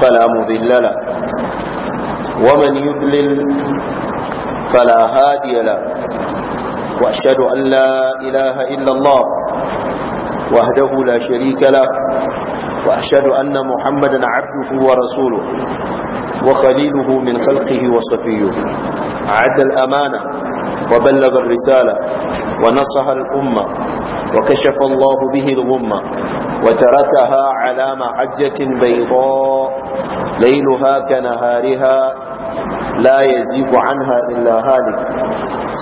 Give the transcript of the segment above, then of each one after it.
فلا مضل له ومن يضلل فلا هادي له وأشهد أن لا إله إلا الله وحده لا شريك له وأشهد أن محمدا عبده ورسوله وخليله من خلقه وصفيه عد الأمانة وبلغ الرسالة ونصح الأمة وكشف الله به الغمة وتركها على معجة بيضاء ليلها كنهارها لا يزيغ عنها إلا هالك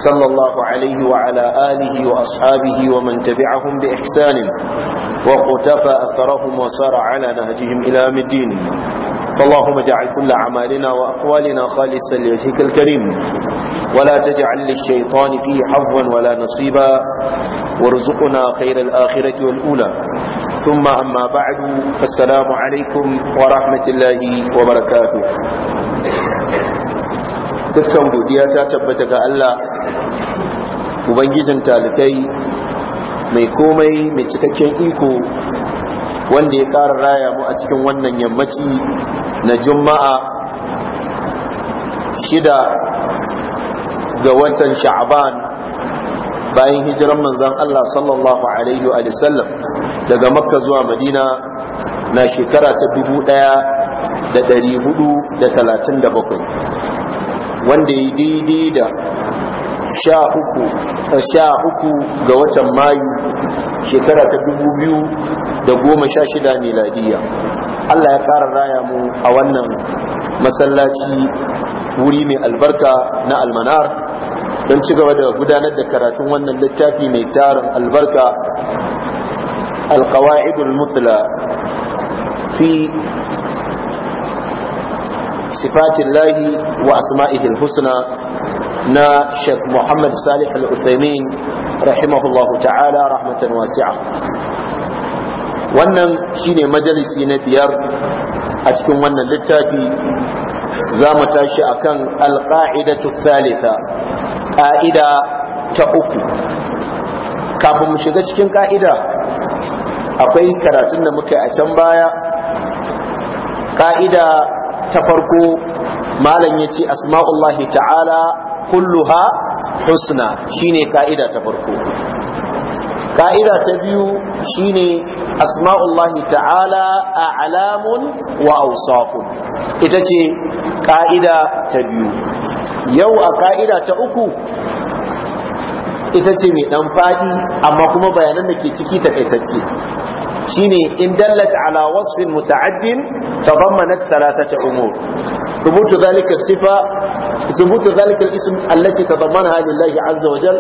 صلى الله عليه وعلى آله وأصحابه ومن تبعهم بإحسان وقتفى أثرهم وسار على نهجهم إلى مدين فاللهم اجعل كل أعمالنا وأقوالنا خالصا لوجهك الكريم ولا تجعل للشيطان فيه حظا ولا نصيبا وارزقنا خير الآخرة والأولى ثم أما بعد السلام عليكم ورحمة الله وبركاته dukkan godiya ta tabbata ga Allah ubangijin talibai mai komai mai cikakken iko wanda ya ƙara raya mu a cikin wannan yammaci na juma'a shida ga watan sha'aban bayan hijiran manzan Allah sallallahu alaihi wa sallam daga makka zuwa madina na shekara ta dubu ɗaya da ɗari hudu da talatin da bakwai wanda ya daidai da sha uku eh, sha uku ga watan mayu shekara ta dubu biyu da goma sha shida miladiya allah ya ƙara raya mu a wannan masallaci wuri mai albarka na almanar don ci gaba da gudanar da karatun wannan littafi mai tarin albarka القواعد المثلى في صفات الله وأسمائه الحسنى نا شيخ محمد صالح العثيمين rahimahullahu ta'ala rahmatan wasi'a wannan shine majalisi na biyar a cikin wannan littafi za mu tashi kan alqa'idatu thalitha ƙa'ida ta uku kafin mu shiga cikin ƙa'ida akwai karatun da muka a can baya ka'ida ta farko malam ya ce asma'ullahi ta'ala kulluha husna shine ka'ida ta farko ka'ida ta biyu shine asma'ullahi ta'ala a a'lamun wa awsafun ita ce ka'ida ta biyu yau a ka'ida ta uku ita ce mai dan fadi amma kuma bayanan da ke ciki takaitacce shine in dallat ala wasfin muta'addin tadammanat thalathata umur ثبوت ذلك الصفة ثبوت ذلك الاسم التي تضمنها لله عز وجل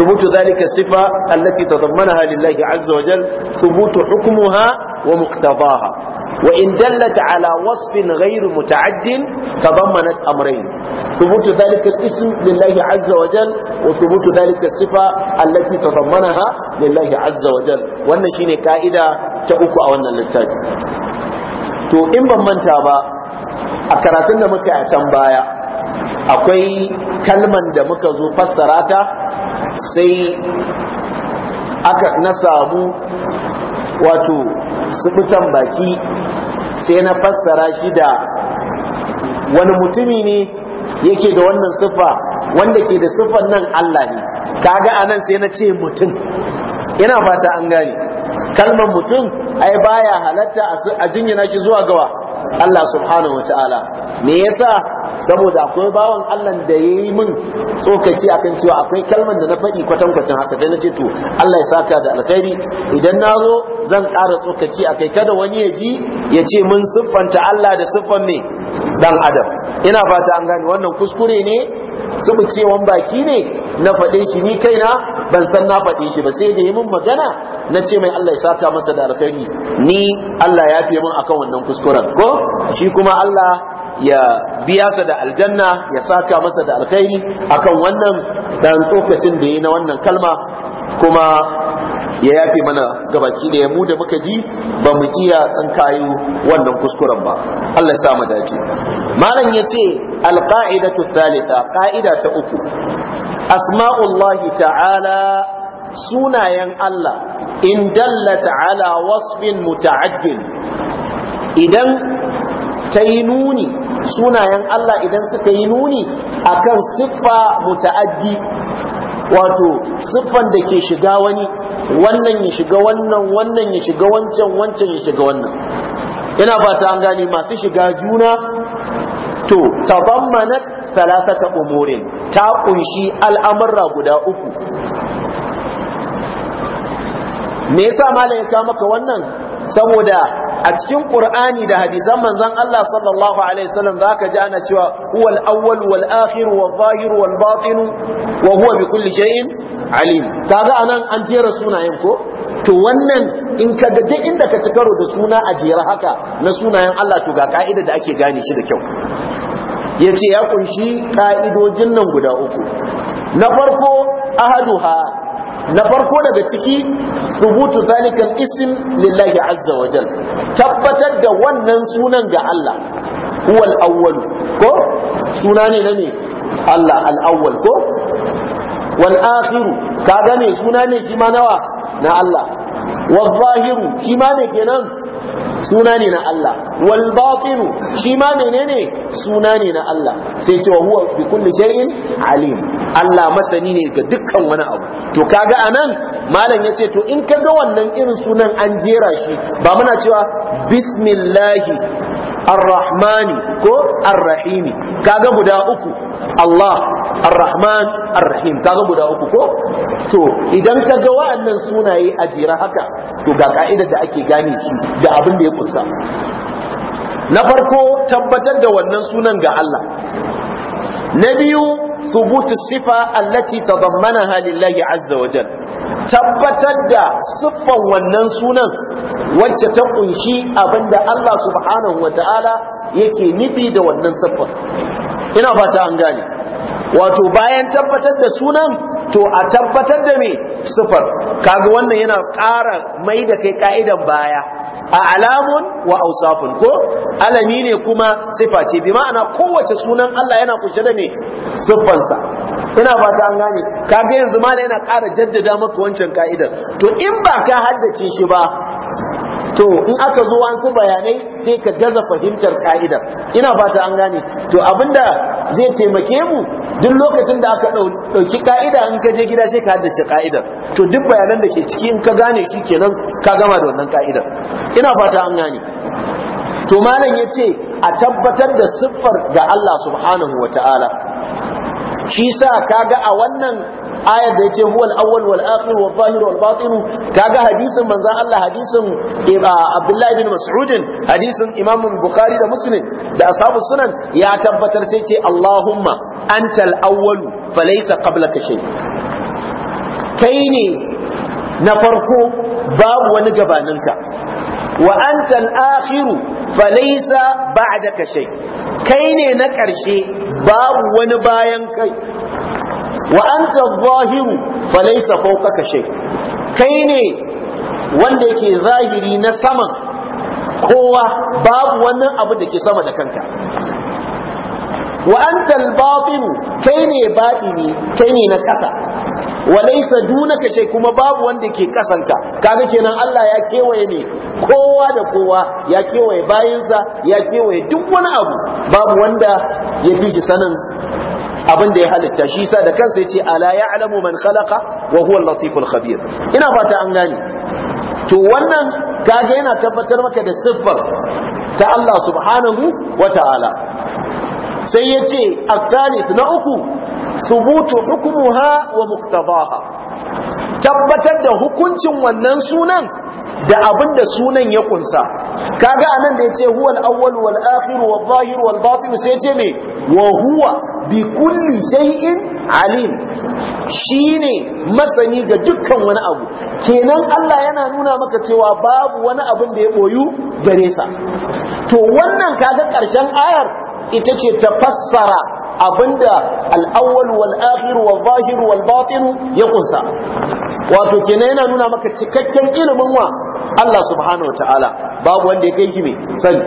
ثبوت ذلك الصفة التي تضمنها لله عز وجل ثبوت حكمها ومقتضاها وإن دلت على وصف غير متعد تضمنت أمرين ثبوت ذلك الاسم لله عز وجل وثبوت ذلك الصفة التي تضمنها لله عز وجل وأن شيني كائدة تأكو أو أن للتاج تو إن بمن تابا أكراتن مكا أتنبايا أكوي كلمة دمكا ذو فسراتا سي أكا نسابو واتو subutan baki sai na fassara shi da wani mutumi ne yake da wannan siffa wanda ke da siffan nan Allah ne kaga anan sai na ce mutum ina fata an gane kalmar mutum ai baya halatta a jinyana shi zuwa gawa Allah subhanahu wataala me yasa saboda akwai bawan Allah da ya yi min tsokaci akan cewa akwai kalmar da na faɗi kwatan kwatan haka sai na ce to Allah ya saka da alkhairi idan na zo zan ƙara tsokaci a kai, kada wani ya ji ya ce mun siffanta Allah da siffan me dan adam ina fata an gane wannan kuskure ne subucewan baki ne na faɗe shi ni kaina ban san na faɗe shi ba sai da yi min magana na ce mai Allah ya saka masa da alkhairi ni Allah ya fiye min akan wannan kuskuren ko shi kuma Allah ya biya sa da aljanna ya saka masa da alkhairi akan wannan dan tsokacin da yi na wannan kalma kuma ya yafe mana gabaki da ya mu da muka ji ba mu iya ɗan kayu wannan kuskuren ba Allah sa samu dace malam yace alqa'idatu thalitha qa'ida ta uku asma'ullahi ta'ala sunayen Allah in dallata ala wasfin muta'addin idan ta yi nuni sunayen Allah idan suka yi nuni akan siffa muta'addi wato siffan da ke shiga wani wannan ya shiga wannan wannan ya shiga wancan wancan ya shiga wannan ina fata an gane masu shiga juna to tabammanat ta umurin ta kunshi al'amurra guda uku me yasa malam ya maka wannan saboda a cikin qur'ani da hadisan manzon Allah sallallahu alaihi wasallam zaka ji ana cewa huwal awwal wal akhir wal zahir wal batin wa huwa bi kulli shay'in alim kaga anan an jera sunayen ko to wannan in ka ga duk inda ka ci karo da suna a jera haka na sunayen Allah to ga ka'ida da ake gane shi da kyau yace ya kunshi ka'idojin nan guda uku na farko ahaduha na farko daga ciki subutu zalikal ism lillahi azza wa jal tabbatar da wannan sunan ga Allah huwal awwal ko suna ne na ne Allah al awwal ko wal akhiru kaga ne suna ne shi nawa na Allah wal zahiru kima ne kenan suna ne na Allah wal batilu shi ma menene suna ne na Allah sai cewa huwa bi kulli shay'in alim Allah masani ne ga dukkan wani abu to kaga anan malam yace to in kaga wannan irin sunan an jera shi ba muna cewa bismillahi ar ko ar-rahimi kaga guda uku Allah ar-rahman ar-rahim kaga guda uku ko to idan ka ga wa'annan sunaye a jira haka to ga ka'idar da ake gane shi da abin da ya kunsa na farko tabbatar da wannan sunan ga Allah na biyu ثبوت الصفة التي تضمنها لله عز وجل tabbatar da siffan wannan sunan wacce ta kunshi abinda Allah subhanahu wataala yake nufi da wannan siffan ina fata an gane wato bayan tabbatar da sunan to a tabbatar da me siffar kaga wannan yana ƙara mai da kai ka'idan baya a alamun wa ausafin ko alami ne kuma sifa ce bi ma'ana kowace sunan Allah yana kushe da ne siffansa ina ba ta an gane kaga yanzu ma yana ƙara jaddada maka wancan ka'idar to in ba ka haddace shi ba to in aka zo wasu bayanai sai ka gaza fahimtar ka'idar ina fata an gane to abinda zai taimake mu duk lokacin da aka ɗauki ka'ida in ka je gida sai ka haddace ka'idar to duk bayanan da ke ciki in ka gane shi kenan ka gama da wannan ka'idar ina fata an gane to malam ya ce a tabbatar da siffar ga Allah subhanahu wataala shi sa kaga a wannan ayar da yake huwal awwal wal akhir wal zahir wal batin kaga hadisin manzon Allah hadisin eh, Abdullah ibn Mas'ud hadisin Imam Bukhari da Muslim da ashabu sunan ya tabbatar sai ce Allahumma antal awwal falaysa qablaka shay kai ne na farko babu wani gabaninka wa antal akhiru falaysa ba'daka shay kai ne na ƙarshe babu wani bayan kai wa anta zahiru falaysa fawqaka shay kai ne wanda yake zahiri na saman kowa babu wannan abu da ke sama da kanka wa anta al-batin kai ne batini kai ne na kasa wa laysa dunaka shay kuma babu wanda ke kasanka kaga kenan Allah ya kewaye ne kowa da kowa ya kewaye bayinsa ya kewaye duk wani abu babu wanda ya bishi sanin abin da ya halitta shi sa da kansa ce ala ya'lamu man khalaqa wa huwa al-latiful khabir ina fata an gane to wannan kaga yana tabbatar maka da siffar ta Allah subhanahu wa ta'ala sai yace al-thalith na uku subutu hukmuha wa muqtadaha tabbatar da hukuncin wannan sunan da abin da sunan ya kunsa kaga anan da yace huwa al-awwal wal akhir wal zahir wal batin sai yace me wa huwa bi kulli shay'in alim shine masani ga dukkan wani abu kenan Allah yana nuna maka cewa babu wani abin da ya boyu gare sa to wannan kaga karshen ayar ita ce ta fassara abinda al-awwal wal akhir wal zahir wal batin ya kunsa wato kenan yana nuna maka cikakken ilimin wa Allah subhanahu wataala babu wanda ya kai shi mai sani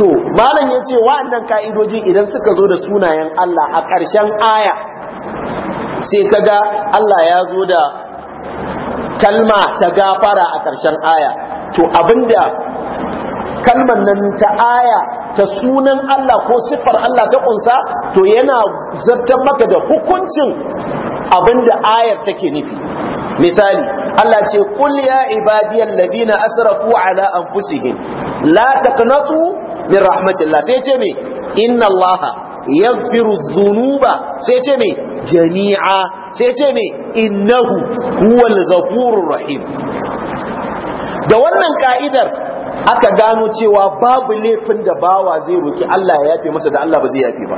to malam yace wa'annan ka'idojin idan suka zo da sunayen Allah a ƙarshen aya sai kaga Allah ya zo da kalma ta gafara a ƙarshen aya to abinda kalman nan ta aya ta sunan Allah ko siffar Allah ta kunsa to yana zartan maka da hukuncin abinda ayar take nufi misali Allah ce qul ya ibadiyal ladina asrafu ala anfusihim la taqnatu min rahmatillah sai ce me inna allaha yaghfiru dhunuba sai ce me jami'a sai ce me innahu huwal ghafurur rahim da wannan ka'idar aka gano cewa babu laifin da bawa zai roki Allah ya yafe masa da Allah ba zai yafe ba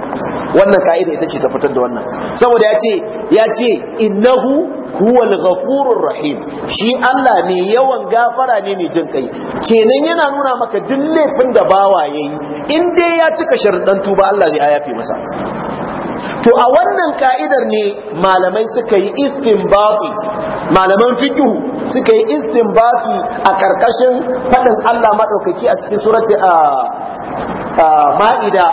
wannan ka'ida ita ce ta fitar da wannan saboda ya ce ya ce innahu huwal ghafurur rahim shi Allah ne yawan gafara ne mai jin kai kenan yana nuna maka duk laifin da bawa yayi in dai ya cika sharuɗan tuba Allah zai yafe masa to a wannan ka'idar ne malamai suka yi istinbati malaman fiqhu suka yi istinbati a karkashin fadin Allah madaukaki a cikin surati a ma'ida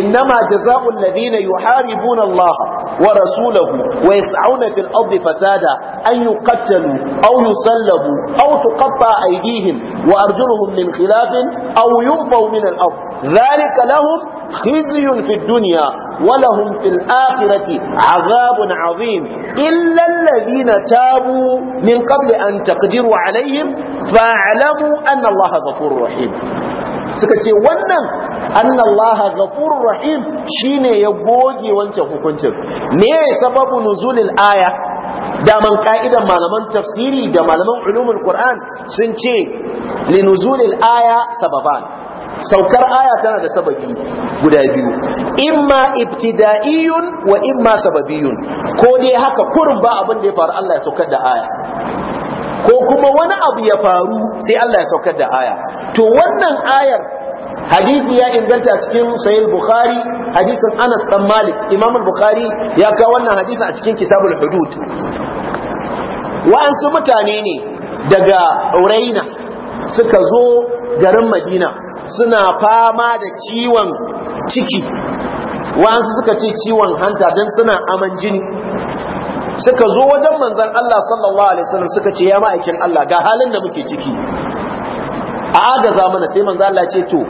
innama jazaa'ul ladina yuharibuna Allah wa rasulahu wa yas'auna fil ardi fasada an yuqattalu aw yusallabu aw tuqatta aydihim wa arjuluhum min khilafin aw yunfaw min lahum khizyun fid dunya wa lahum fil akhirati azabun azim illa alladhina tabu min qabli an taqdiru alaihim fa'lamu anna Allah ghafurur rahim suka ce wannan anna Allah rahim shine ya goge wancan hukuncin me sababu nuzulil aya daman ka'idan malaman tafsiri da malaman ulumul Qur'an sun ce li linuzulil aya sababan saukar aya tana da sababi guda biyu imma ibtida'iyun wa imma sababiyun ko dai haka kurun ba abin da ya faru Allah ya saukar da aya ko kuma wani abu ya faru sai Allah ya saukar da aya to wannan ayar hadisi ya inganta cikin sahih bukhari hadisin Anas dan Malik Imam bukhari ya kawo wannan hadisi a cikin kitabul hudud wa'ansu mutane ne daga Uraina suka zo garin Madina suna fama da ciwon ciki wa'ansu suka ce ciwon hanta don suna aman jini suka zo wajen manzan Allah sallallahu alaihi wasallam suka ce ya ma'aikin Allah ga halin da muke ciki a agaza mana sai manzan Allah ce to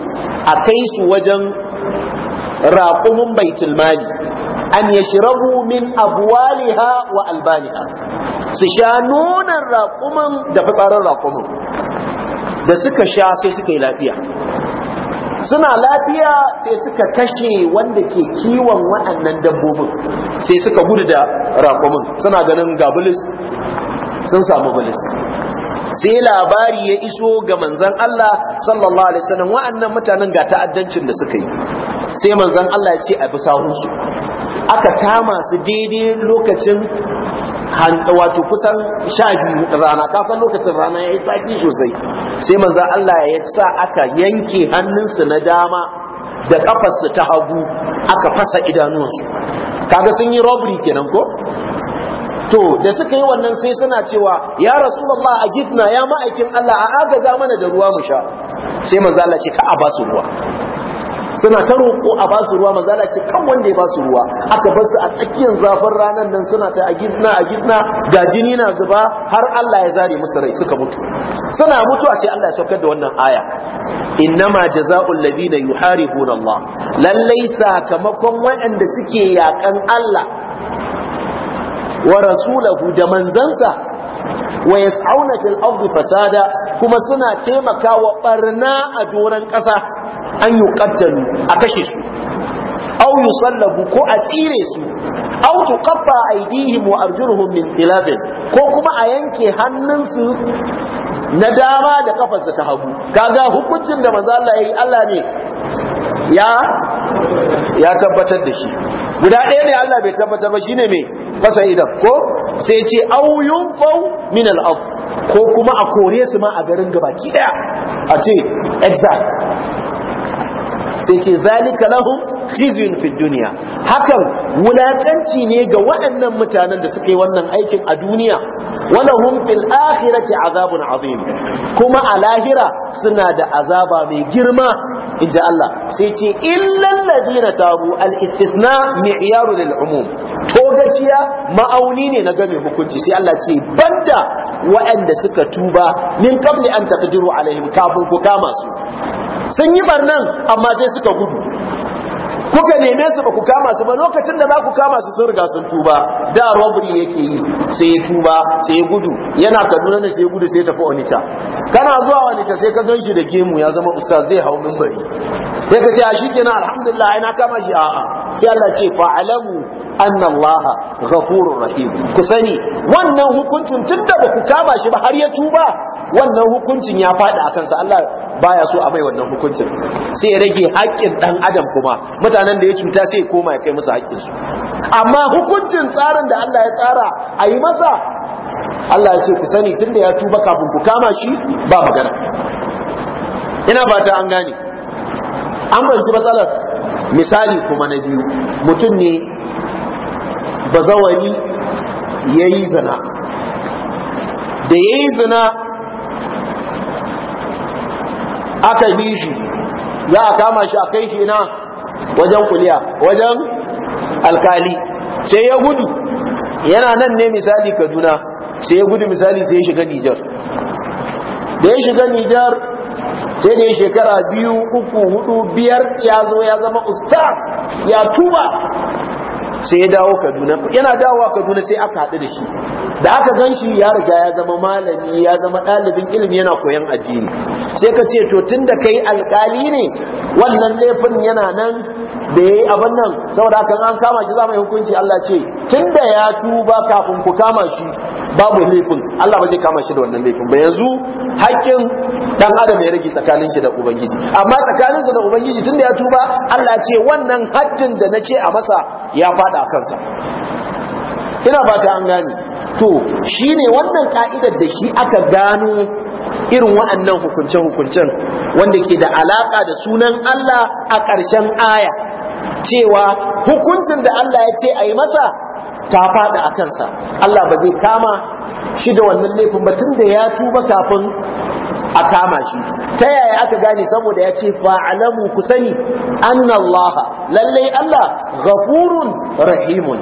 a kai su wajen raƙumin baitul mali an yashrabu min abwaliha wa albaniha su sha nunan raƙumin da fitsarin raƙumin da suka sha sai suka yi lafiya suna lafiya sai suka kashe wanda ke kiwon waɗannan dabbobin sai suka gudu da rakumin suna ganin ga bilis sun samu bilis sai labari ya iso ga manzan Allah sallallahu alaihi wasallam wa'annan mutanen ga ta'addancin da suka yi sai manzan Allah ya ce a bi sahunsu aka kama su daidai lokacin wato kusan sha biyu rana kasan lokacin rana ya yi tsaki sosai sai manzo Allah ya sa aka yanke hannunsu na dama da kafarsu ta hagu aka fasa idanuwansu kaga sun yi robbery kenan ko to da suka yi wannan sai suna cewa ya rasu rasulullah a gizna ya ma'aikin Allah a agaza mana da ruwa mu sha sai manzo Allah ce ka a basu ruwa suna ta roƙo a basu ruwa manzo Allah ce kan wanda ya basu ruwa aka bar su a tsakiyar zafin ranar nan suna ta agidna agidna ga jini na zuba har Allah ya zare musu rai suka mutu suna mutu a sai Allah ya saukar da wannan aya innama jazaa'ul ladina yuharibuna Allah lallai sakamakon waɗanda suke yakan Allah wa rasulahu da manzansa wa yas'auna fil ardi fasada kuma suna taimakawa barna a doran ƙasa an yi ƙaddalu a kashe su au yi sallabu ko a tsire su au tu kafa aidihim wa arjuruhum min khilafin ko kuma a yanke hannunsu na dama da kafarsa ta hagu kaga hukuncin da manzo ya yi Allah ne ya tabbatar da shi guda ɗaya ne Allah bai tabbatar ba shine me fasa idan ko sai ce au yunfau min al ko kuma a kore su ma a garin gabaki daya a ce exact sai ce zalika lahum khizyun fid dunya hakan wulakanci ne ga waɗannan mutanen da suka yi wannan aikin a duniya walahum fil akhirati azabun azim kuma a lahira suna da azaba mai girma inji Allah sai ce illal ladina tabu al istisna mi'yaru lil umum to gaciya ma'auni ne na game hukunci sai Allah ce banda waɗanda suka tuba min qabli an taqdiru alaihim kafin ku kama su sun yi barnan amma sai suka gudu kuka neme su ba ku kama su ba lokacin da za ku kama su sun riga sun tuba da rubri yake yi sai ya tuba sai ya gudu yana kaduna ne sai ya gudu sai ya tafi onita kana zuwa onita sai ka gan shi da gemu ya zama ustaz zai hau mimbari sai ka ce a shikenan alhamdulillah ina na kama shi a'a sai Allah ce fa alamu anna Allah ghafurur rahim ku sani wannan hukuncin tunda ba ku kama shi ba har ya tuba wannan hukuncin ya faɗi a kansa Allah baya so a mai wannan hukuncin sai ya rage haƙƙin ɗan adam kuma mutanen da ya cuta sai ya koma ya kai masa haƙƙinsu amma hukuncin tsarin da Allah ya tsara a yi masa Allah ya ce ku sani tun da ya tuba kafin ku kama shi ba magana ina fata an gane an fahimci matsalar misali kuma na biyu mutum ne bazawari ya yi zina da ya yi zina aka bi shi za a kama shi a kai shi na wajen kuliya wajen alkali sai ya gudu yana nan ne misali kaduna sai ya gudu misali sai ya shiga nijar da ya shiga nijar sai da ya shekara biyu uku hudu biyar ya zo ya zama usta ya tuba sai ya dawo kaduna yana dawowa kaduna sai aka haɗu da shi da aka gan shi ya riga ya zama malami ya zama ɗalibin ilimi yana koyon addini sai ka ce to tun da kai alƙali ne wannan laifin yana nan da ya yi abin nan saboda kan an kama shi za mu yi hukunci Allah ce tun da ya tuba kafin ku kama shi babu laifin Allah ba zai kama shi da wannan laifin ba yanzu haƙƙin dan adam ya rage tsakanin shi da ubangiji amma tsakanin sa da ubangiji tunda ya tuba Allah ce wannan haddin da nace a masa ya fada kansa ina ba ta an gane to shine wannan ka'idar da shi aka gano irin waɗannan hukuncen hukuncen wanda ke da alaka da sunan Allah a ƙarshen aya cewa hukuncin da Allah ya ce a yi masa ta faɗi a kansa Allah ba zai kama shi da wannan laifin ba da ya tuba kafin a kama shi ta yaya aka gane saboda ya ce fa'alamu ku sani anna Allah lalle Allah ghafurun rahimun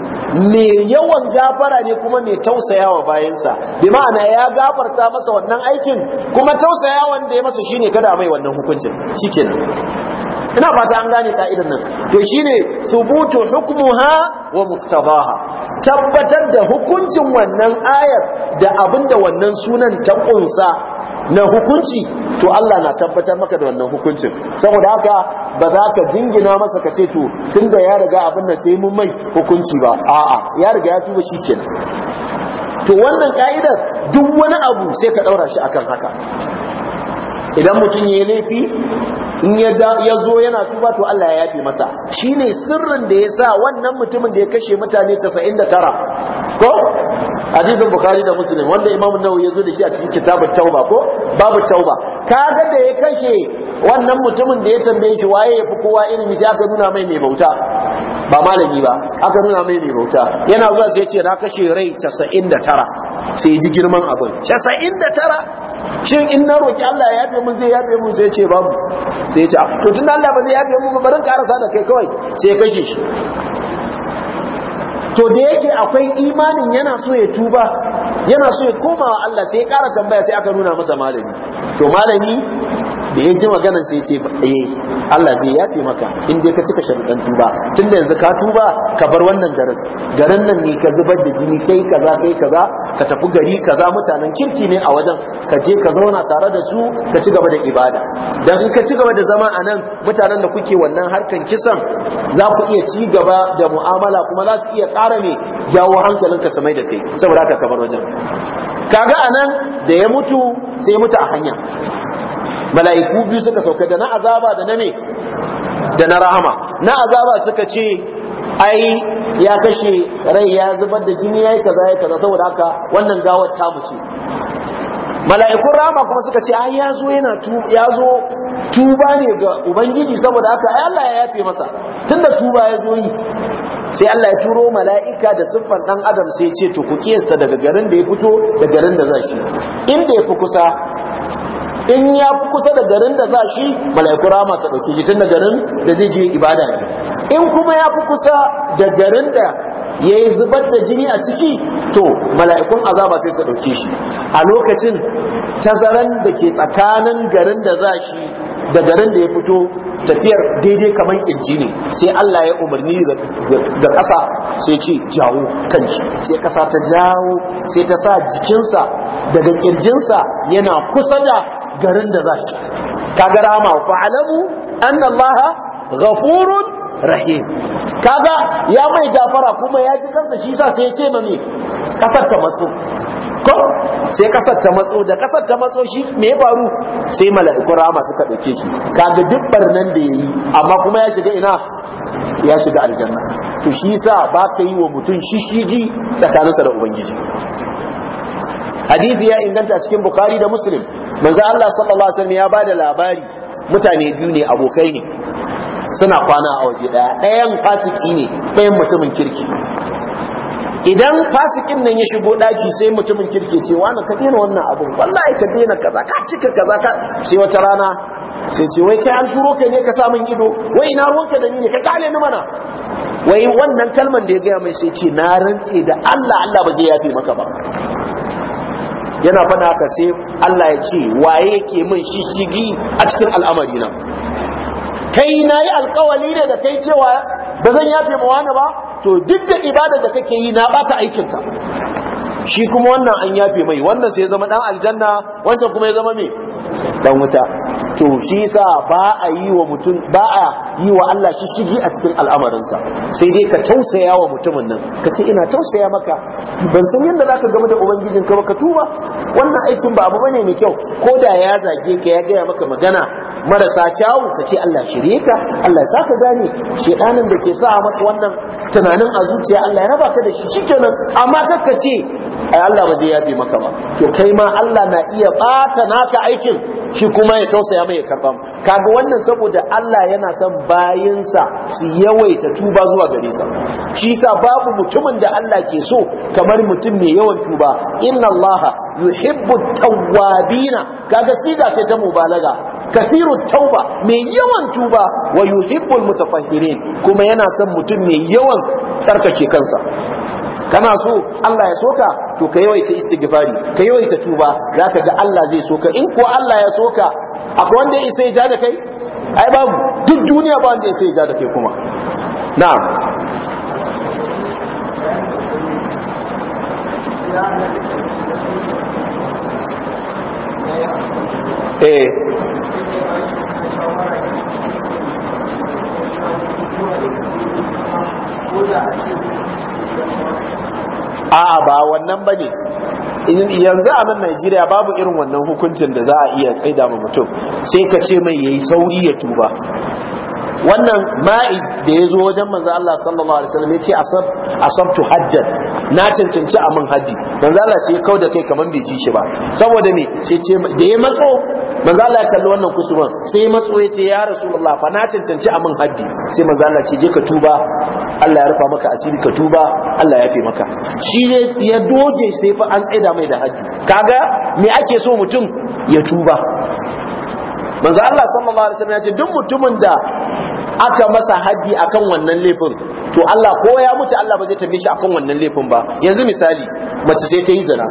me yawan gafara ne kuma mai tausayawa bayansa bi ma'ana ya gafarta masa wannan aikin kuma tausayawan da ya masa shine kada mai wannan hukuncin shikenan ina fata an gane ka'idan nan to shine thubutu hukmuha wa muktabaha tabbatar da hukuncin wannan ayar da abinda wannan sunan ta kunsa na hukunci to Allah na tabbatar maka da wannan hukuncin saboda haka ba za ka jingina masa ka ce to tunda ya riga abin da sai mun mai hukunci ba a'a ya riga ya tuba shikenan to wannan ka'idar duk wani abu sai ka daura shi akan haka idan mutum ya laifi in ya zo yana tuba to Allah ya yafe masa shine sirrin da ya sa wannan mutumin da ya kashe mutane 99 ko hadisin bukhari da muslim wanda imam nawawi ya zo da shi a cikin kitabut tauba ko babu tauba kaga da ya kashe wannan mutumin da ya tambaye shi waye ya fi kowa ilimi sai aka nuna mai mai bauta ba malami ba aka nuna mai mai bauta yana zuwa sai ya ce na kashe rai 99 sai ji girman abin 99 shin in na roki Allah ya yafe mun zai yafe mun sai ce ba mu? sai ya ce ah, to da Allah ba zai yafe mun ba barin karasa da kai kawai sai ya kashe shi to da yake akwai imanin yana so ya tuba yana so ya komawa Allah sai ya ƙara tambaya sai aka nuna masa malami to malami da ya ji magana sai ce eh Allah zai yafe maka in dai ka cika sharuɗan tuba tun da yanzu ka tuba ka bar wannan garin garin nan ne ka zubar da jini kai kaza kai kaza ka tafi gari kaza mutanen kirki ne a wajen ka je ka zauna tare da su ka ci gaba da ibada dan in ka ci gaba da zama a nan mutanen da kuke wannan harkan kisan za ku iya ci gaba da mu'amala kuma za su iya ƙara ne jawo hankalinka samai da kai saboda haka ka bar wajen kaga anan da ya mutu sai ya mutu a hanya mala'iku biyu suka sauka da na azaba da na ne da na rahama na azaba suka ce ai ya kashe rai ya zubar da jini ya yi kaza ya kaza saboda haka wannan gawar ta ce mala'ikun rahama kuma suka ce ai ya zo yana ya zo tuba ne ga ubangiji saboda haka ai Allah ya yafe masa tunda tuba ya zo yi sai Allah ya turo mala'ika da siffan ɗan adam sai ya ce to ku kiyasta daga garin da ya fito da garin da zai ci inda ya fi kusa in ya fi kusa da garin da za shi mala'iku rama su ɗauke shi tun da garin da zai je ibada ne in kuma ya fi kusa da garin da ya yi zubar da jini a ciki to mala'ikun azaba sai su ɗauke shi a lokacin tazaran da ke tsakanin garin da za shi da garin da ya fito tafiyar daidai kamar kirji ne sai Allah ya umarni ga ƙasa sai ce jawo kanshi sai ƙasa ta jawo sai ta sa jikinsa daga kirjinsa yana kusa da garin da za su kaga rama fa alamu anna allaha ghafurun rahim kaga ya mai gafara kuma ya ji kansa shi yasa sai ya ce mani kasar ta matso ko sai kasar ta matso da kasar ta matso shi me ya faru sai mala'iku rama suka dauke shi kaga duk barnan da yayi amma kuma ya shiga ina ya shiga aljanna to shi yasa ba ka yi wa mutum shishiji tsakaninsa da ubangiji hadithi ya inganta cikin bukhari da muslim manzo Allah sallallahu alaihi wasallam ya bada labari mutane biyu ne abokai ne suna kwana a waje daya ɗayan fasiki ne ɗayan mutumin kirki idan fasikin nan ya shigo daki sai mutumin kirki ce wani ka daina wannan abun wallahi ka daina kaza ka cika kaza ka sai wata rana sai ce wai kai an turo ka ne ka sa min ido wai ina ruwanka da ni ne ka kale ni mana wai wannan kalman da ya gaya mai sai ce na rantse da Allah Allah ba zai yafe maka ba yana faɗa haka sai Allah ya ce waye yake min shishigi a cikin al'amari na kai nayi alkawali ne da kai cewa ba zan yafe ma wani ba to duk da ibada da kake yi na bata aikin ka shi kuma wannan an yafe mai wannan sai ya zama dan aljanna wancan kuma ya zama mai dan wuta to shi sa ba a yi wa mutum ba a yi wa Allah shi shigi a cikin al'amarinsa sai dai ka tausaya wa mutumin nan ka ce ina tausaya maka ban san yadda za ka gama da ubangijin ka ba ka tuba wannan aikin ba abu bane mai kyau ko da ya zage ka ya gaya maka magana marasa kyawu ka ce Allah shirye ka Allah ya saka gane shedanin da ke sa maka wannan tunanin a zuciya Allah ya raba ka da shi kenan amma kakka ce ai Allah ba zai yafe maka ba to kai ma Allah na iya ɓata naka aikin shi kuma ya tausaya mai ya karba kaga wannan saboda Allah yana son bayinsa su yawaita tuba zuwa gare sa shi sa babu mutumin da Allah ke so kamar mutum mai yawan tuba inna Allah yuhibbu tawwabina kaga siga sai ta mubalaga kasiru tauba mai yawan tuba wa yuhibbul mutafahhirin kuma yana son mutum mai yawan tsarkake kansa kana so Allah ya soka to ka yawaita istighfari ka yawaita tuba zaka ga Allah zai soka in ko Allah ya soka akwai wanda ya isa ya ja da kai ai babu duk duniya ba wanda ya isa ya ja da kai kuma na'am eh a'a ba wannan ba ne yanzu a nan Najeriya babu irin wannan hukuncin da za a iya tsaida ma mutum sai ka ce mai yayi sauri ya tuba wannan ma'iz da ya zo wajen manzo Allah sallallahu alaihi wasallam yace asab asabtu hajjan na cancanci a mun haji manzo Allah sai ya da kai kaman bai ji shi ba saboda me sai ce da ya matso manzo Allah ya kalli wannan kusurwan sai ya matso yace ya rasulullah fa na cancanci a mun haji sai manzo Allah ce je ka tuba Allah ya rufa maka asiri ka tuba Allah ya fi maka shi ne ya doge sai fa an tsaida mai da haji kaga me ake so mutum ya tuba manzo Allah sallallahu alaihi wasallam ya ce duk mutumin da aka masa haji akan wannan laifin to Allah ko ya mutu Allah ba zai tambaye shi akan wannan laifin ba yanzu misali mace sai ta yi zina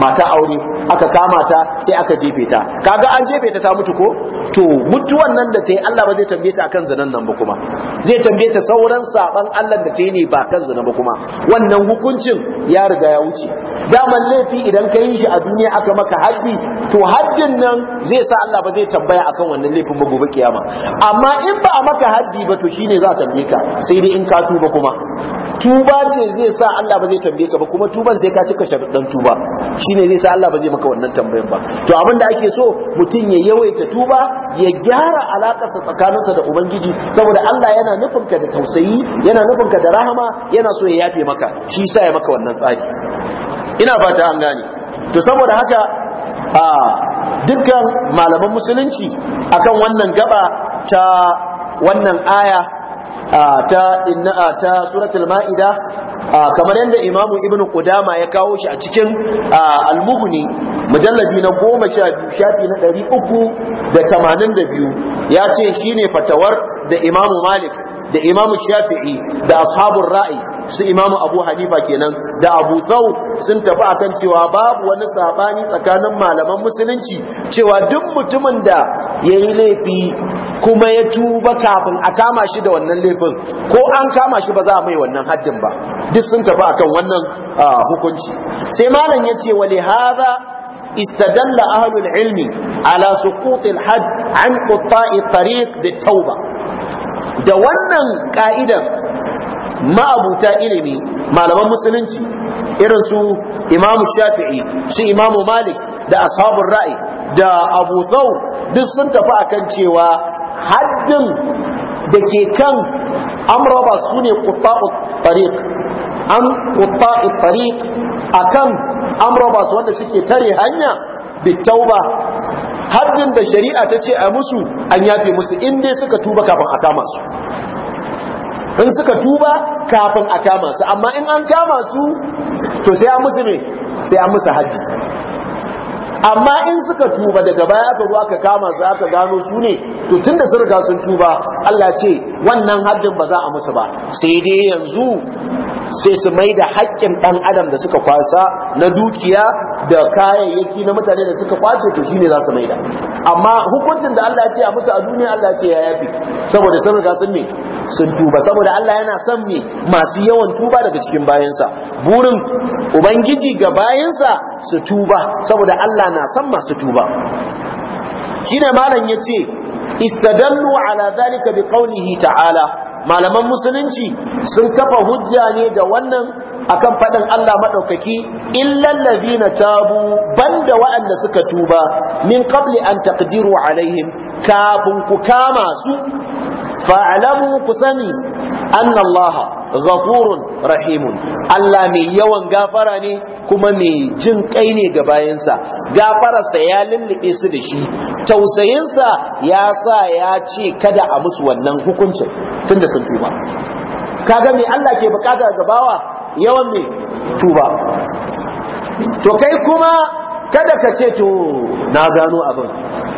mata aure aka kama ta sai aka jefe ta kaga an jefe ta ta mutu ko to mutuwan nan da ta yi Allah ba zai tambaye ta akan zinan nan ba kuma zai tambaye ta sauran saban Allah da ta yi ne ba kan zina ba kuma wannan hukuncin ya riga ya wuce daman laifi idan ka yi shi a duniya aka maka haddi to haddin nan zai sa Allah ba zai tambaya akan wannan laifin ba gobe kiyama amma in ba a maka haddi ba to shine za a tambaye ka sai dai in ka tuba kuma tuba ce zai sa Allah ba zai tambaye ka ba kuma tuban sai ka cika sharuɗan tuba shine zai sa Allah ba zai maka wannan tambayan ba to abin da ake so mutum ya yawaita tuba ya gyara alakarsa tsakaninsa da ubangiji saboda Allah yana nufin ka da tausayi yana nufin ka da rahama yana so ya yafe maka shi sa ya maka wannan tsari ina fata an gane to saboda haka a dukkan malaman musulunci akan wannan gaba ta wannan aya ta inna ta suratul ma'ida kamar yadda imamu ibnu qudama ya kawo shi a cikin al-mughni mujalladi na goma shafi na ɗari uku da tamanin ya ce shine fatawar da imamu malik da imamu shafi'i da ashabun ra'i su imamu abu hanifa kenan da abu zau sun tafi akan cewa babu wani sabani tsakanin malaman musulunci cewa duk mutumin da ya yi laifi kuma ya tuba kafin a kama shi da wannan laifin ko an kama shi ba za a mai wannan haddin ba duk sun tafi akan wannan hukunci sai malam ya ce lihaza istadalla ahlul ilmi ala على سقوط an عن قطاع الطريق بالتوبة da wannan ka'idan. ma'abuta ilimi malaman musulunci irin su imamu shafi'i su imamu malik da ashabun ra'i da abu zau duk sun tafi akan cewa haddin da ke kan amraba su ne tariq an tariq akan amraba su wanda suke tare hanya tauba. haddin da shari'a ta ce a musu an yafe musu in dai suka tuba kafin a kama su in suka tuba kafin a kama su amma in an kama su to sai an musu me sai an musu hajji amma in suka tuba daga baya aka zo aka kama su aka gano su ne to tunda sun riga sun tuba Allah ce wannan haddin ba za a musu ba sai dai yanzu sai su mai da haƙƙin ɗan adam da suka kwasa na dukiya da kayayyaki na mutane da suka kwace to shine za su mai da amma hukuncin da Allah ya ce a musu a duniya Allah ce ya yafi saboda sun riga sun ne sun tuba saboda Allah yana son me masu yawan tuba daga cikin bayansa burin ubangiji ga bayansa su tuba saboda Allah na son masu tuba shine malam yace istadallu ala zalika biqaulihi ta'ala malaman musulunci sun kafa hujja ne da wannan akan faɗin Allah maɗaukaki illal na tabu banda waɗanda suka tuba min qabli an taqdiru alaihim kafin ku kama su fa'alamu ku sani anna Allah ghafurun rahimun Allah mai yawan gafara ne kuma mai jin kai ne ga bayansa gafararsa ya lullube su da shi tausayinsa ya sa ya ce kada a musu wannan hukuncin tunda sun tuba kaga me Allah ke bukata ga bawa yawan mai tuba to kai kuma kada ka ce to na gano abin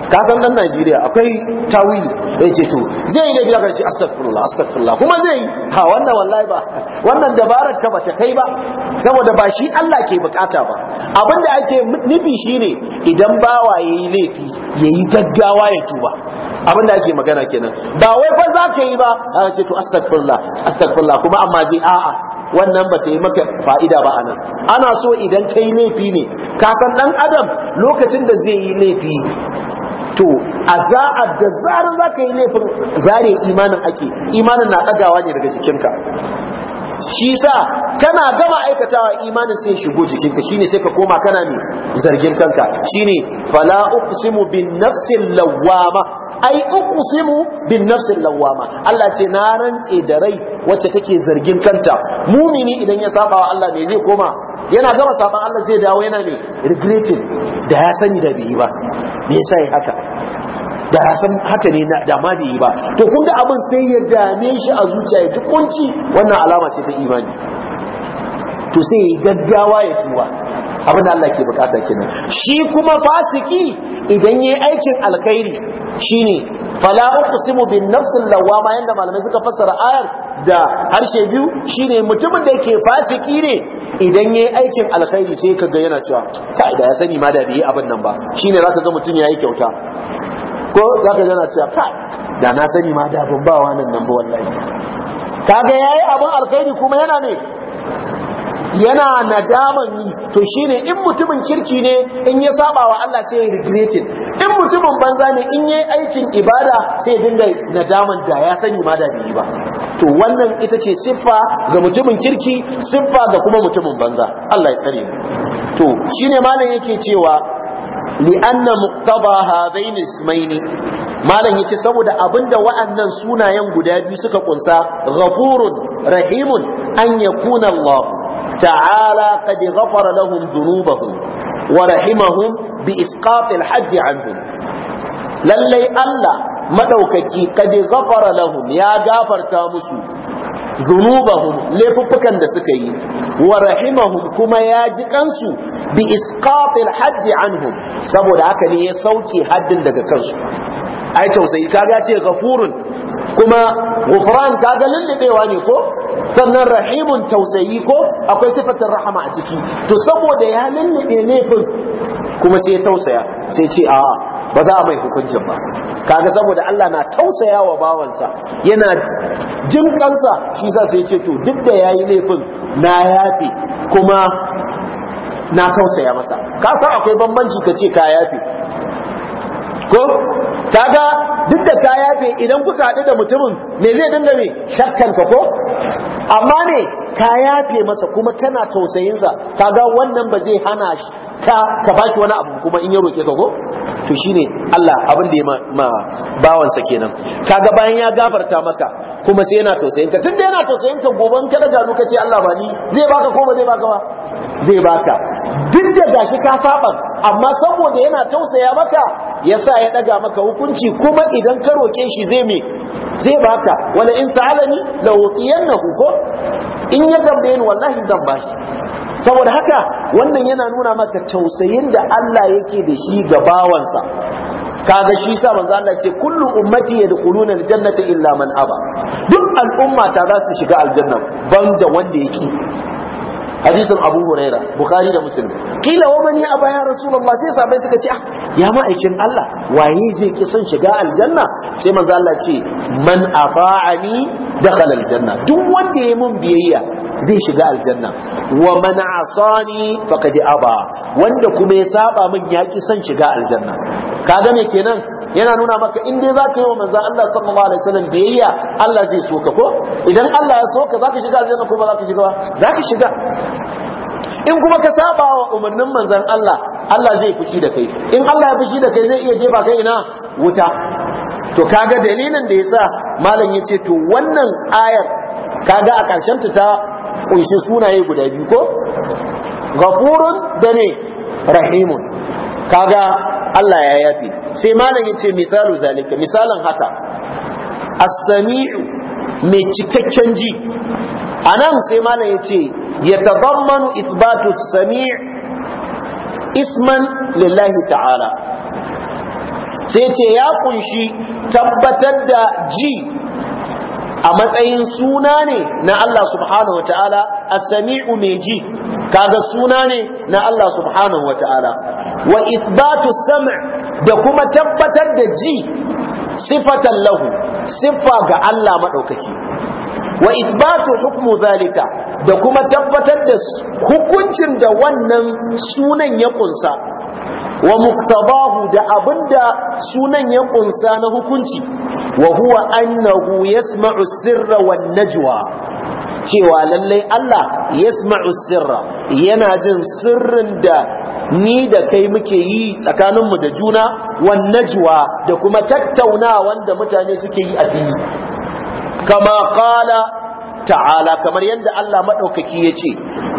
ka san dan Najeriya akwai tawili zai ce to zai yi da ce astagfirullah astagfirullah kuma zai ha wannan wallahi ba wannan dabarar ka bace kai ba saboda ba shi Allah ke bukata ba abin da ake nufi shine idan bawa yayi laifi yayi gaggawa ya tuba abin da ake magana kenan ba wai fa za ka yi ba a ce to astagfirullah astagfirullah kuma amma zai a'a wannan ba ta yi maka fa'ida ba anan ana so idan kai laifi ne kasan ɗan adam lokacin da zai yi laifi to a za'ar da zarar za ka yi laifin zare imanin ake imanin na ɗagawa ne daga jikinka shi sa kana gama aikatawa imanin sai shigo jikinka shine sai ka koma kana ne zargin kanka shine fala uqsimu bin nafsin lawwama ai uqsimu bin nafsil lawama Allah ce na rantse da rai wacce take zargin kanta mumini idan ya saba wa Allah ne zai koma yana gama saban Allah zai dawo yana ne regretting da ya sani da bai ba me yasa yi haka da ya san haka ne da ma bai ba to kun ga abin sai ya dame shi a zuciya ya kunci wannan alama ce ta imani to sai ya gaggawa ya tuwa abin da Allah ke bukata kenan shi kuma fasiki idan yi aikin alkhairi shine fala uqsimu bin nafsil lawama yanda malamai suka fassara ayar da harshe biyu shine mutumin da yake fasiki ne idan yi aikin alkhairi sai kaga yana cewa kai da ya sani ma da bai abin nan ba shine zaka ga mutum yayi kyauta ko zaka ga yana cewa kai da na sani ma da abin ba wannan nan ba wallahi kaga yayi abin alkhairi kuma yana ne yana nadaman yi to shine in mutumin kirki ne in ya saba wa Allah sai ya regretin in mutumin banza ne in yi aikin ibada sai ya dinga nadaman da ya sani ma da ba to wannan ita ce siffa ga mutumin kirki siffa ga kuma mutumin banza Allah ya tsare to shine malam yake cewa li'anna muqtaba hadain ismaini malam yace saboda abinda wa'annan sunayen guda biyu suka kunsa ghafurun rahimun an yakuna Allah تعالى قد غفر لهم ذنوبهم ورحمهم بإسقاط الحد عنهم للي ألا مدوككي قد غفر لهم يا جافر تامسو ذنوبهم لففكن دسكي ورحمهم كما ياجكنسو بإسقاط الحد عنهم سبو دعك ليه صوتي حد دك كنسو ai tausayi kaga ce gafurun kuma gufran ga lullubewa ne ko sannan rahimun tausayi ko akwai sifatin rahama a ciki to saboda ya lullube laifin kuma sai tausaya sai ce a ba za a mai hukuncin ba kaga saboda Allah na tausaya wa bawansa yana jin kansa shi sa sai ce to duk da yayi laifin na yafe kuma na tausaya masa ka san akwai bambanci ka ce ka yafe ko kaga duk da ta yafe idan kuka haɗu da mutumin me zai dinga me shakkan ka ko amma ne ka yafe masa kuma kana tausayinsa kaga wannan ba zai hana shi ka ka bashi wani abu kuma in ya roke ka ko to shine Allah abin da ya ma bawansa kenan kaga bayan ya gafarta maka kuma sai yana tausayin ka tunda yana tausayin ka goban kada gano ka Allah ba ni zai baka ko ba zai baka ba zai baka duk da gashi ka saban amma saboda yana tausaya maka yasa ya daga maka hukunci kuma idan ka roke shi zai me zai baka wala in sa'alani la utiyannahu ko in ya gambe ni wallahi zan bashi saboda haka wannan yana nuna maka tausayin da Allah yake da shi ga bawansa kaga shi sa manzo Allah ce kullu ummati yadkhuluna aljannata illa man aba duk al'umma ta za su shiga aljanna banda wanda yake hadisin abu huraira bukhari da muslim kila wa mani a bayan rasulullah sai sabai suka ce ah, ya ma'aikin allah waye zai ki son shiga aljanna sai manzo allah ce man afa'ani dakhala aljanna duk wanda ya mun biyayya zai shiga aljanna wa man asani faqad aba wanda kuma ya saba min ya ki son shiga aljanna kaga me kenan yana nuna maka in dai zaka yi wa manzan Allah sallallahu alaihi wasallam biyayya Allah zai so ka ko idan Allah ya so ka zaka shiga aljanna ko ba zaka shiga ba zaka shiga in kuma ka saba wa umarnin manzon Allah Allah zai fushi da kai in Allah ya fushi da kai zai iya jefa kai ina wuta to kaga dalilin da yasa malam yace to wannan ayar kaga a karshen ta ta kunshi sunaye guda biyu ko ghafurun da ne rahimun kaga Allah ya yafe sai malam yace misalu zalika misalan haka as-sami'u mai cikakken ji anan sai malam yace yatadammanu ithbatu as-sami' isman lillahi ta'ala sai ce ya kunshi tabbatar da ji a matsayin suna ne na Allah subhanahu wa ta'ala as-sami'u mai ji kaga suna ne na Allah subhanahu wataala wa ithbatu sam' da kuma tabbatar da ji sifatan lahu siffa ga Allah madaukaki wa ithbatu hukmu zalika da kuma tabbatar da hukuncin da wannan sunan ya kunsa wa muktabahu da abinda sunan ya kunsa na hukunci wa huwa annahu yasma'u sirra wan najwa cewa lallai Allah yasma'u sirra yana jin sirrin da ni da kai muke yi tsakaninmu da juna wanne juwa, da kuma tattauna wanda mutane suke yi a fili kama qala ta'ala kamar yadda Allah madaukaki ce.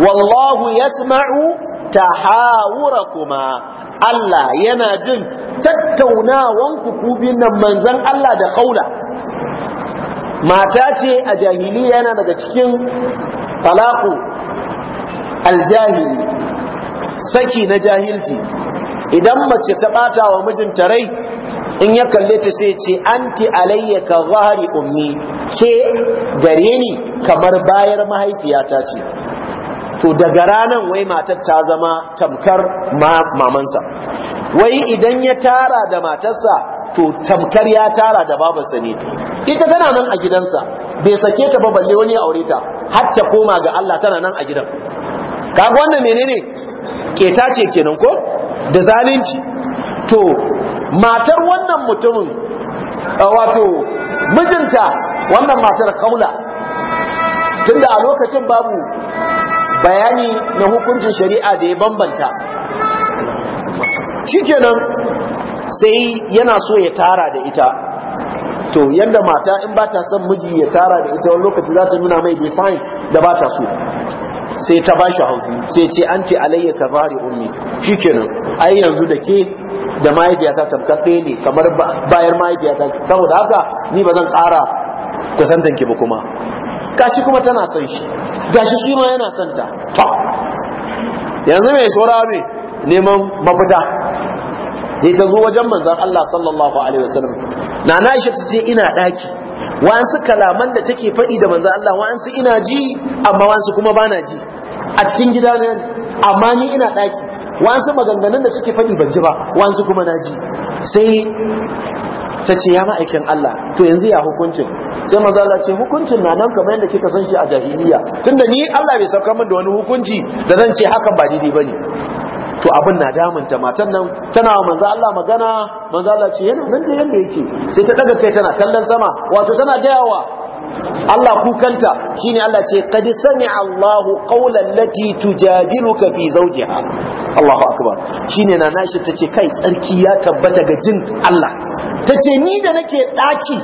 wallahu yasma'u tahawurakuma Allah yana jin tattaunawanku ku nan manzon Allah da ƙaula mata ce a jahiliya yana daga cikin talaku aljahili saki na jahilci idan mace ta bata wa mijinta rai in ya kalle ta sai ce anti alayya ka zahari ummi ke gare ni kamar bayar mahaifiyata ce to daga ranan wai matar ta zama tamkar mamansa wai idan ya tara da matarsa to tamkar ya tara da babansa ne ita tana nan a gidansa bai sake ta ba balle wani aure ta har ta koma ga Allah tana nan a gidan kaga wannan menene keta ce kenan ko da zalunci to matar wannan mutumin wato mijinta wannan matar kaula tunda a lokacin babu bayani na hukuncin shari'a da ya bambanta kenan. sai yana so ya tara da ita to yadda mata in ba ta son miji ya tara da ita wani lokaci za ta nuna mai design da ba ta so sai ta ba shi hauzi sai ce an ce alayya ka zari ummi kenan ai yanzu da ke da mahaifiyata tabbatse ne kamar bayar mahaifiyata saboda haka ni ba zan ƙara kusantan ki ba kuma gashi kuma tana son shi gashi shi ma yana son ta yanzu mai saurari neman mafita sai ta zo wajen manzon Allah sallallahu alaihi wasallam na na shi sai ina daki wa'ansu kalaman da take faɗi da manzon Allah wa'ansu ina ji amma wa'ansu kuma bana ji a cikin gida ne amma ni ina daki wa'ansu maganganun da suke faɗi ban ji ba wa'ansu kuma na ji sai ta ce ya ma'aikin Allah to yanzu ya hukuncin sai maza Allah ce hukuncin na nan kamar yadda kika san shi a jahiliya tunda ni Allah bai sauka min da wani hukunci da zan ce hakan ba daidai bane to abin na damunta matan nan tana wa manzo Allah magana manzo Allah ce yana nan da yanda yake sai ta daga kai tana kallon sama wato tana gayawa Allah kukanta shine Allah ce qad sami Allahu qawlan lati tujadiluka fi zawjiha Allahu akbar shine na nashi tace kai tsarki ya tabbata ga jin Allah tace ni da nake daki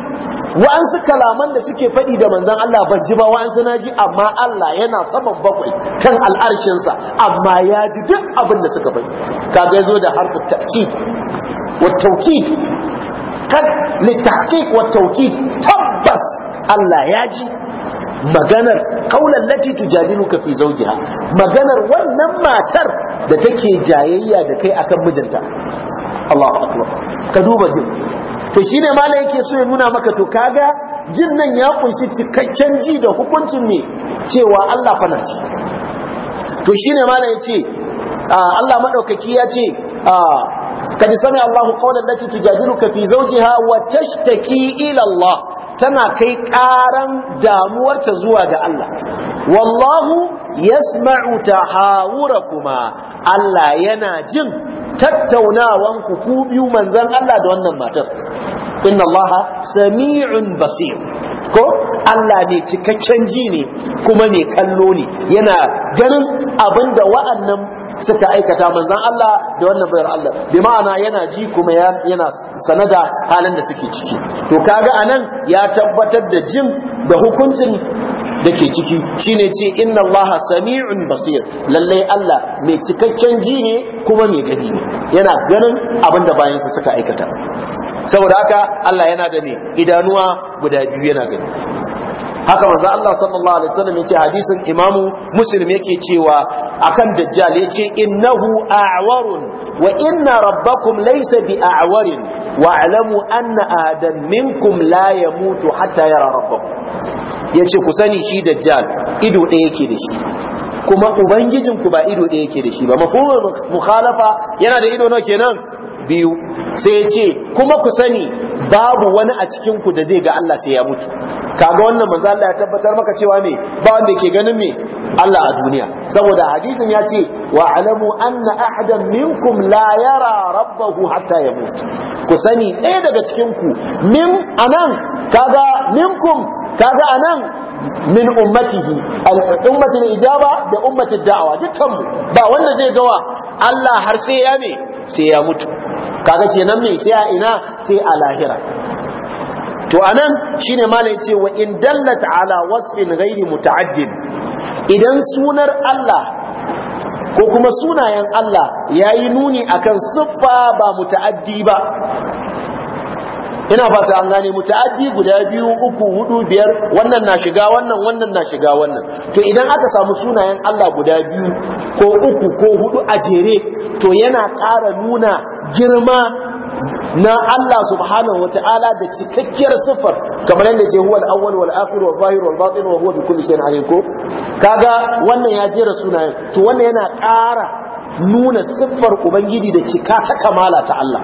wa'ansu kalaman da suke faɗi da manzon Allah ban ji ba wa'ansu na ji amma Allah yana saman bakwai kan al'arshinsa amma ya ji duk abin da suka faɗi kaga zo da harfin ta'kid wa tawkid kad li tahqiq wa tawkid tabbas Allah ya ji maganar kaulan lati tujadiluka fi zawjiha maganar wannan matar da take jayayya da kai akan mijinta Allahu akbar ka duba jin to shine mala yake so ya nuna maka to kaga jin nan ya kunshi cikakken ji da hukuncin ne cewa Allah fa nan to shine mala yace Allah madaukaki ya ce kad sami Allah qawlan lati tujadiluka fi zawjiha wa tashtaki ila Allah tana kai karan damuwarta zuwa ga Allah wallahu yasma'u tahawurakuma Allah yana jin tattaunawan ku ku biyu manzan Allah da wannan matar inna Allah sami'un basir ko Allah ne cikakken ji ne kuma ne kallo ne yana ganin abinda wa'annan suka aikata manzan Allah da wannan bayar Allah bi ma'ana yana ji kuma yana sanada halin da suke ciki to kaga anan ya tabbatar da jin da hukuncin da ke ciki shine ce inna allaha sami'un basir lalle Allah mai cikakken ji ne kuma mai gani ne yana ganin abin da bayansa suka aikata saboda haka Allah yana da ne idanuwa guda biyu yana gani haka manzo Allah sallallahu alaihi wasallam yace hadisin Imam Muslim yake cewa akan Dajjal yace innahu a'warun wa inna rabbakum laysa bi'awarin wa'lamu anna ahadan minkum la yamutu hatta yara rabbahu ya ce ku sani shi dajjal ido ɗaya yake da shi kuma ubangijinku ba ido ɗaya yake da shi ba mafhumul mukhalafa yana da ido nawa kenan biyu sai ya ce kuma ku sani babu wani a cikin ku da zai ga Allah sai ya mutu kaga wannan manzo Allah ya tabbatar maka cewa me ba wanda ke ganin me Allah a duniya saboda hadisin ya ce wa alamu anna ahadan minkum la yara rabbahu hatta yamut ku sani ɗaya daga cikin ku min anan kaga minkum kaga anan min ummatihi al al ijaba da ummatid da'wa dukkan ba wanda zai gawa Allah har sai ya ne sai ya mutu kaga kenan me sai a ina sai a lahira to anan shine malai ce wa in dallat ala wasfin ghairi muta'addid idan sunar Allah ko kuma sunayen Allah yayi nuni akan siffa ba muta'addi ba ina fata an gane muta'addi guda biyu uku hudu biyar wannan na shiga wannan wannan na shiga wannan to idan aka samu sunayen Allah guda biyu ko uku ko hudu a jere to yana ƙara nuna girma na Allah subhanahu wa ta'ala da cikakkiyar siffar kamar yadda ke huwa al-awwal wal akhir wal zahir wal batin wa huwa bi kulli shay'in alim ko kaga wannan ya jera sunayen to wannan yana ƙara nuna siffar ubangiji da cika ta kamala ta Allah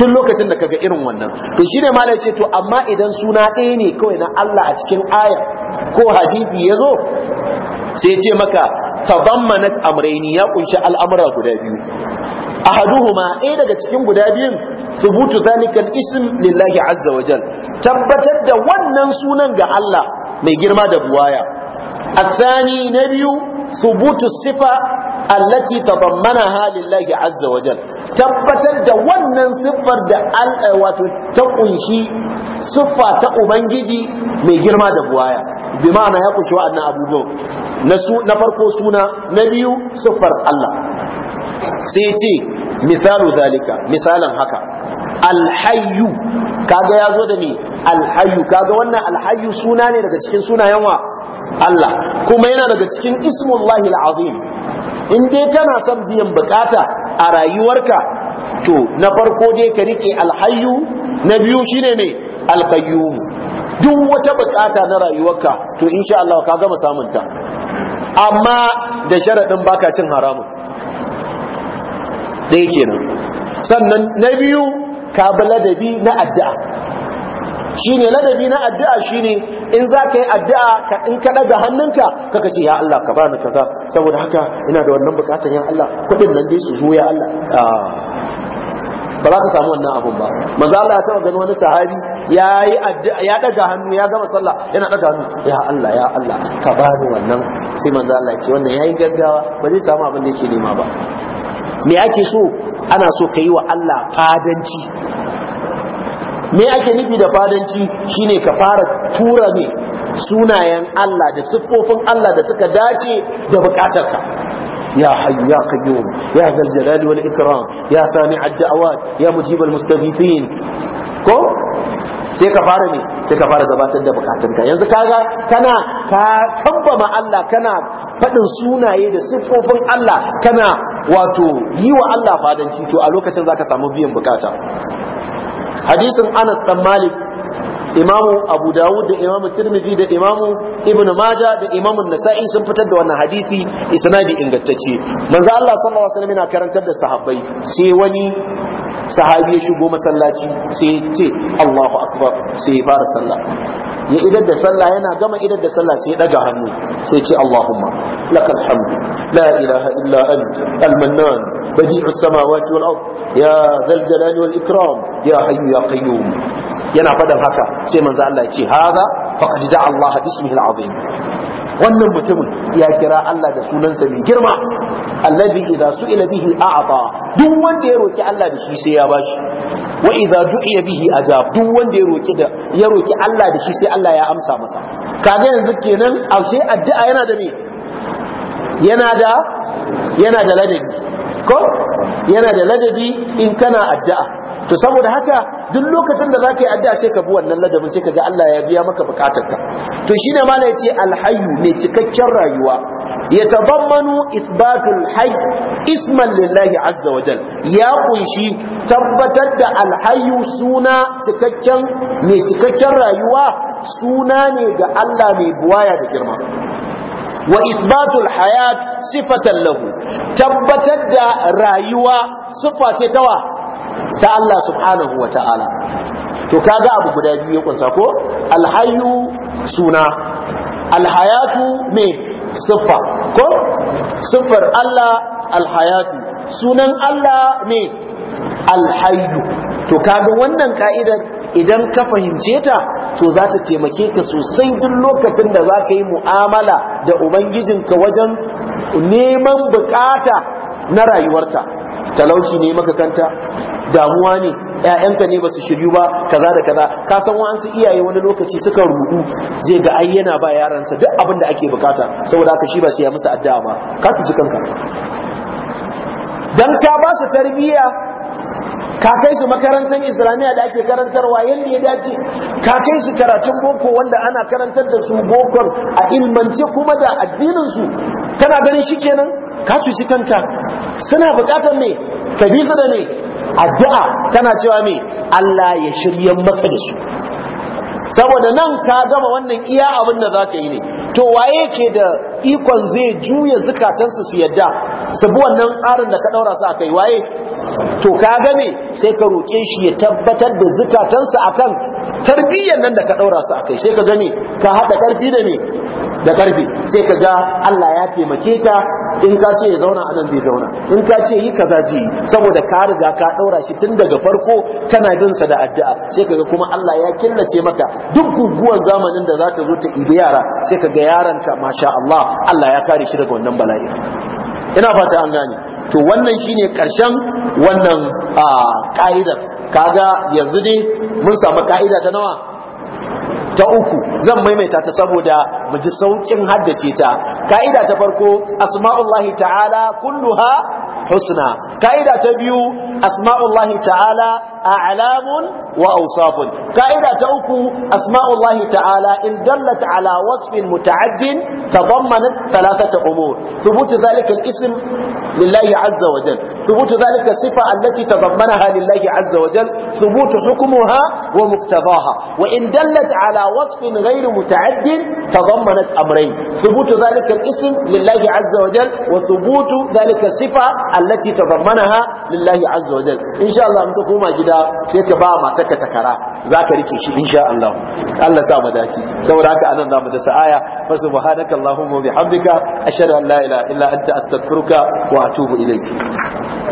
duk lokacin da kaga irin wannan to shine malai ce to amma idan suna ɗaya ne kawai na Allah a cikin aya ko hadisi yazo sai ya ce maka tadammanat amrayni ya kunshi al'amura guda biyu ahaduhuma ɗaya daga cikin guda biyun subutu zalika al-ism lillahi azza wa jal tabbatar da wannan sunan ga Allah mai girma da buwaya athani na biyu subutu sifa allati tadammanaha lillahi azza wa jal tabbatar da wannan siffar da eh, wato ta kunshi siffa ta ubangiji mai girma da buwaya bi ma'ana ya kunshi wa'annan abubuwan na farko suna na biyu siffar Allah sai ce misalu zalika misalan haka alhayyu kaga ya zo da ni alhayyu kaga wannan alhayyu suna ne daga cikin sunayen wa Allah kuma yana daga cikin ismullahi alazim in dai kana son biyan bukata a rayuwarka to na farko dai ka rike alhayu na biyu shine ne alqayyum duk wata bukata na rayuwarka to insha Allah ka gama samun ta amma da sharadin baka cin haramun dai kenan sannan na biyu ka bi ladabi na addu'a shine ladabi na addu'a shine in za ka yi addu'a ka in ka daga hannunka kaka ce ya Allah ka bani kaza saboda haka ina da wannan bukatar ya Allah kudin nan dai su zo ya Allah ah. ba za ka samu wannan abun ba manzo Allah ya taba gani wani sahabi yayi addu'a ya daga hannu ya gama sallah yana daga hannu ya Allah ya Allah ka bani wannan sai manzo Allah ya ce wannan yayi gaggawa ba zai samu abin da yake nema ba me ake so ana so ka yi wa Allah fadanci me ake nufi da fadanci shine ka fara tura ne sunayen Allah da siffofin Allah da suka dace da bukatarka qayyum ya zal jalal wal ikram ya sami يا daawat ya mujib al المستغيثين ko sai ka fara ne sai ka fara gabatar da bukatunka yanzu kaga kana ka kambama Allah kana faɗin sunaye da siffofin Allah kana wato yi wa Allah fadanci to a lokacin zaka samu biyan bukata hadisin Anas dan Malik imamu Abu Dawud da imamu Tirmidhi da imamu Ibn Majah da imamu Nasa'i sun fitar da wannan hadisi isnadi ingantacce manzo Allah sallallahu alaihi wasallam yana karantar da sahabbai sai wani sahabi ya shigo masallaci sai ya ce Allahu akbar sai ya fara sallah ya idar da sallah yana gama idar da sallah sai ya daga hannu sai ya ce Allahumma lakal hamdu la ilaha illa anta al-mannan badi'u samawati wal ard ya zal jalali wal ikram ya hayyu ya qayyum yana fadan haka sai manzo Allah ya ce haza faqad da'a Allah bismihi al azim wannan mutumin ya kira Allah da sunansa mai girma alladhi idza su'ila bihi a'ta duk wanda ya roki Allah da shi sai ya bashi wa idza du'iya bihi ajab duk wanda ya roki da ya roki Allah da shi sai Allah ya amsa masa kaga yanzu kenan ashe addu'a yana da me yana da yana da ladabi ko yana da ladabi in kana addu'a to saboda haka duk lokacin da zaka yi addu'a sai ka bi wannan ladabin sai ka Allah ya biya maka bukatarka to shine malai yace alhayyu ne cikakken rayuwa يتضمن إثبات الحي اسما لله عز ya ƙunshi tabbatar da Alhayu suna cikakken, mai cikakken rayuwa, suna ne ga Allah mai buwaya da girma wa isbatul hayat sifatan lahu tabbatar da rayuwa sifa ce tawa ta Allah subhanahu wa ta'ala to kaga abu guda biyu ya kunsa ko alhayu suna alhayatu me siffa ko siffar Allah alhayatu sunan Allah me alhayu to kaga wannan ka'idar idan ka fahimce ta to za ta taimake ka sosai duk lokacin da za ka yi mu'amala da ubangijin ka wajen neman bukata na rayuwarta. talauci ne maka kanta damuwa ne ƴaƴanka ne ba su shiryu ba kaza da kaza ka san wa'ansu iyaye wani lokaci suka rudu zai ga ai yana ba yaransa duk abin da ake bukata saboda haka shi ba sai ya musu addu'a ba ka tuji kanka dan ka ba su tarbiyya ka kai su makarantar islamiyya da ake karantarwa yadda ya dace ka kai su karatun boko wanda ana karantar da su boko a ilmance kuma da addininsu su kana ganin kenan ka shi kanka suna bukatar ne ka bi su da ne addu'a tana cewa me Allah ya shirya masa da su saboda nan ka gama wannan iya abin da za ka yi ne to waye ke da ikon zai juya zukatansu su yadda bi wannan tsarin da ka daura su akai waye to ka game sai ka roƙe shi ya tabbatar da zukatansa akan tarbiyyar nan da ka ɗaura su akai sai ka gani ka haɗa ƙarfi da me da ƙarfi sai ka ga Allah ya taimake ka in ka ce ya zauna a nan zai zauna in ka ce yi kaza ji saboda ka riga ka ɗaura shi tun daga farko kana bin sa da addu'a sai ka ga kuma Allah ya killace maka duk guguwar zamanin da za ta zo ta ibi yara sai ka ga yaranka masha Allah Allah ya kare shi daga wannan bala'i ina fata an gane to wannan shine karshen wannan ka'idar kaga yanzu ne mun samu ka'ida ta nawa ta uku zan maimaita ta saboda mu ji saukin haddace ta ka'ida ta farko asma'ullahi ta'ala kulluha husna ka'ida ta biyu asma'ullahi ta'ala a'lamun wa awsafun ka'ida ta uku asma'ullahi ta'ala in dallat ala wasfin muta'addin tadammanat thalathata umur thubut dhalika al-ism lillahi azza wa jalla thubut dhalika sifa allati tadammanaha lillahi azza wa jalla thubut hukmuha wa muqtadaha wa in dallata ala wasfin ghayr muta'addin تضمنت أمرين ثبوت ذلك الاسم لله عز وجل وثبوت ذلك الصفة التي تضمنها لله عز وجل إن شاء الله أمتكم جدا سيكبا ما تكتكرا ذاك ركيش إن شاء الله الله سامة داتي سوراك أنا نام تسعايا فسبحانك اللهم وبحمدك أشهد أن لا إله إلا أنت أستغفرك وأتوب إليك